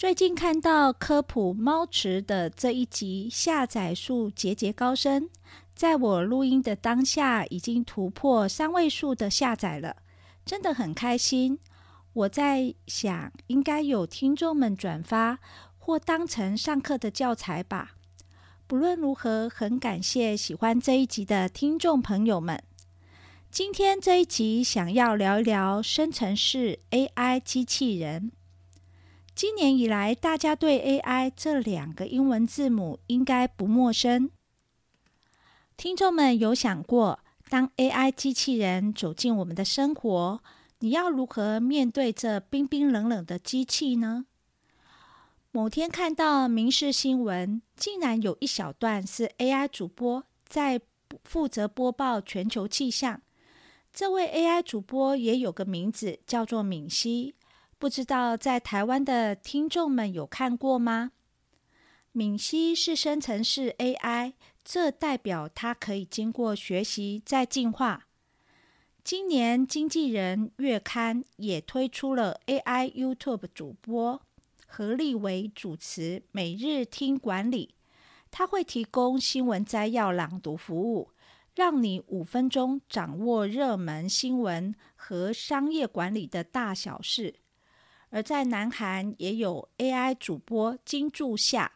最近看到科普貓池的這一集下載數節節高升，在我錄音的當下已經突破三位數的下載了，真的很開心。我在想，應該有聽眾們轉發或當成上課的教材吧。不論如何，很感謝喜歡這一集的聽眾朋友們。今天這一集想要聊一聊生成式 AI 機器人。今年以來，大家對 AI 這兩個英文字母應該不陌生。聽眾們有想過，當 AI 機器人走進我們的生活，你要如何面對這冰冰冷冷的機器呢？某天看到民視新聞，竟然有一小段是 AI 主播在負責播報全球氣象。這位 AI 主播也有個名字，叫做敏熙。不知道在台灣的聽眾們有看過嗎？敏西是生成式 AI，這代表它可以經過學習再進化。今年經紀人月刊也推出了 AI YouTube 主播何立為主持每日聽管理，他會提供新聞摘要朗讀服務，讓你五分鐘掌握熱門新聞和商業管理的大小事。而在南韓也有 AI 主播金柱夏。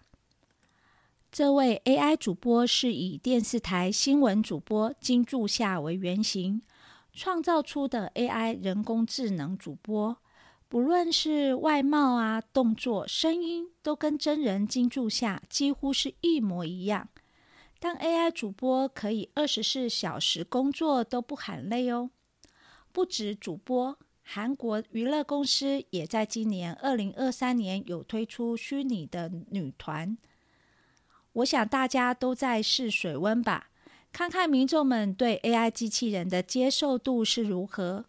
這位 AI 主播是以電視台新聞主播金柱夏為原型創造出的 AI 人工智能主播，不論是外貌啊、動作、聲音，都跟真人金柱夏幾乎是一模一樣。但 AI 主播可以二十四小時工作都不喊累哦。不止主播。韓國娛樂公司也在今年二零二三年有推出虛擬的女團。我想大家都在試水溫吧，看看民眾們對 AI 機器人的接受度是如何。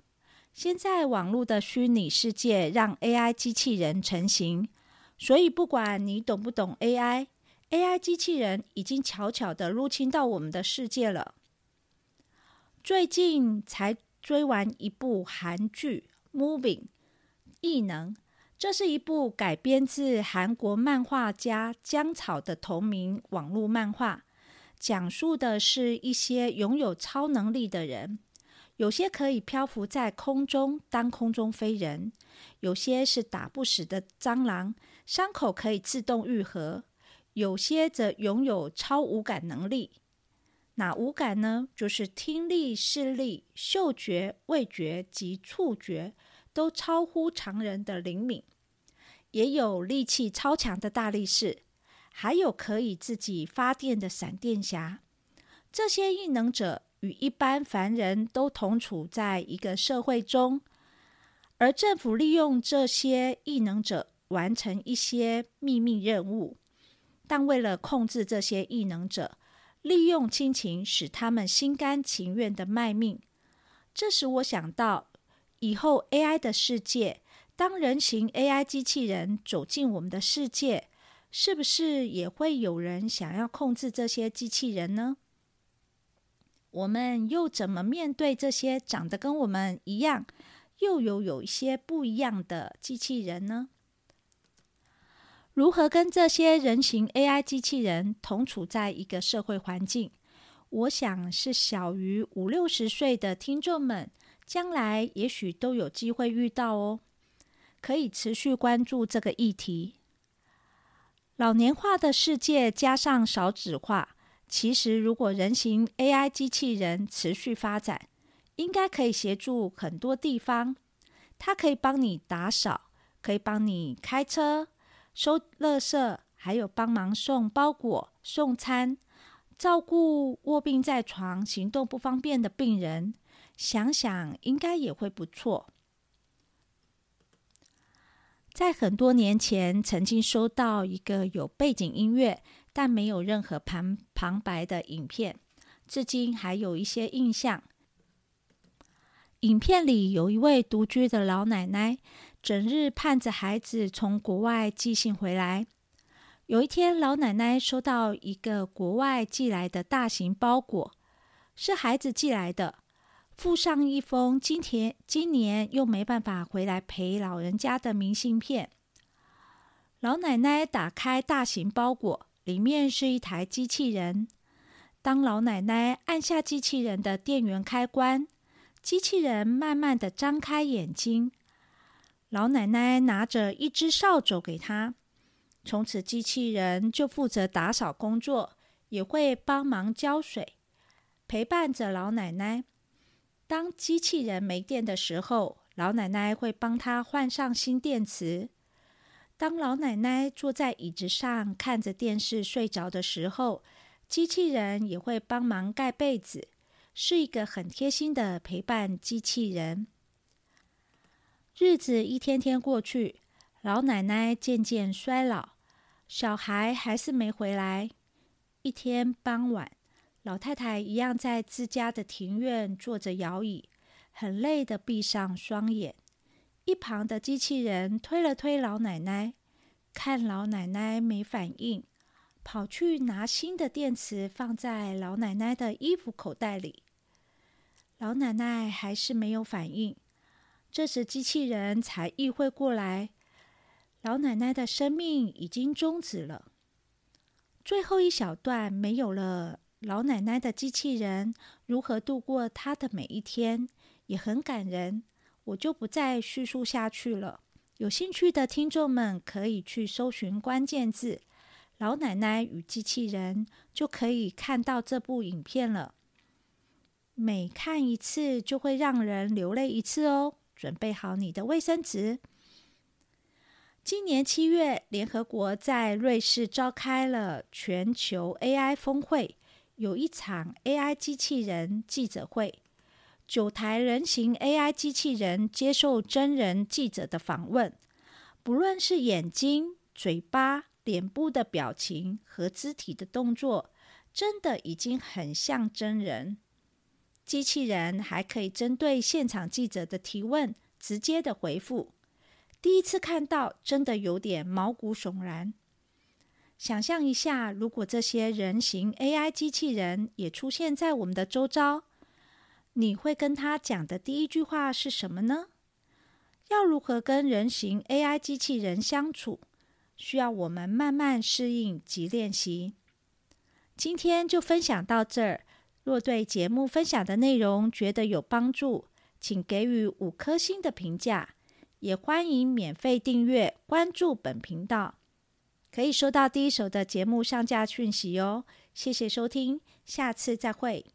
現在網絡的虛擬世界讓 AI 機器人成型，所以不管你懂不懂 AI，AI AI 機器人已經悄悄的入侵到我們的世界了。最近才。追完一部韓劇《Moving》，異能。這是一部改編自韓國漫畫家姜草的同名網絡漫畫，講述的是一些擁有超能力的人，有些可以漂浮在空中當空中飛人，有些是打不死的蟑螂，傷口可以自動癒合，有些則擁有超五感能力。那五感呢？就是聽力、視力、嗅覺、味覺及觸覺都超乎常人的靈敏，也有力氣超強的大力士，還有可以自己發電的閃電俠。這些異能者與一般凡人都同處在一個社會中，而政府利用這些異能者完成一些秘密任務，但為了控制這些異能者。利用親情使他們心甘情願的賣命，這使我想到，以後 AI 的世界，當人形 AI 機器人走進我們的世界，是不是也會有人想要控制這些機器人呢？我們又怎麼面對這些長得跟我們一樣，又有有一些不一樣的機器人呢？如何跟這些人形 AI 機器人同處在一個社會環境？我想是小於五六十歲的聽眾們，將來也許都有機會遇到哦。可以持續關注這個議題。老年化的世界加上少子化，其實如果人形 AI 機器人持續發展，應該可以協助很多地方。它可以幫你打掃，可以幫你開車。收垃圾，還有幫忙送包裹、送餐、照顧臥病在床、行動不方便的病人，想想應該也會不錯。在很多年前，曾經收到一個有背景音樂但沒有任何旁旁白的影片，至今還有一些印象。影片裡有一位獨居的老奶奶。整日盼着孩子從國外寄信回來。有一天，老奶奶收到一個國外寄來的大型包裹，是孩子寄來的，附上一封今天，今年又沒辦法回來陪老人家的明信片。老奶奶打開大型包裹，裡面是一台機器人。當老奶奶按下機器人的電源開關，機器人慢慢地張開眼睛。老奶奶拿着一支掃帚給他，從此機器人，就負責打掃工作，也會幫忙澆水，陪伴着老奶奶。當機器人沒電的時候，老奶奶會幫他換上新電池。當老奶奶坐在椅子上看着電視睡着的時候，機器人也會幫忙蓋被子，是一個很貼心的陪伴機器人。日子一天天過去，老奶奶漸漸衰老，小孩還是沒回來。一天傍晚，老太太一樣在自家的庭院坐着搖椅，很累地閉上雙眼。一旁的機器人推了推老奶奶，看老奶奶沒反應，跑去拿新的電池放在老奶奶的衣服口袋裡。老奶奶還是沒有反應。這時，機器人才意會過來，老奶奶的生命已經終止了。最後一小段沒有了老奶奶的機器人如何度過她的每一天，也很感人。我就不再敘述下去了。有興趣的聽眾們可以去搜尋關鍵字“老奶奶與機器人”，就可以看到這部影片了。每看一次，就會讓人流淚一次哦。準備好你的衛生紙。今年七月，聯合國在瑞士召開了全球 AI 峰會，有一場 AI 機器人記者會，九台人形 AI 機器人接受真人記者的訪問。不論是眼睛、嘴巴、臉部的表情和肢體的動作，真的已經很像真人。機器人還可以針對現場記者的提問直接的回覆。第一次看到，真的有點毛骨悚然。想象一下，如果這些人形 AI 機器人也出現在我們的周遭，你會跟他講的第一句話是什麼呢？要如何跟人形 AI 機器人相處，需要我們慢慢適應及練習。今天就分享到這兒。若對節目分享的內容覺得有幫助，請給予五顆星的評價，也歡迎免費訂閱關注本頻道，可以收到第一手的節目上架訊息哦，謝謝收聽，下次再會。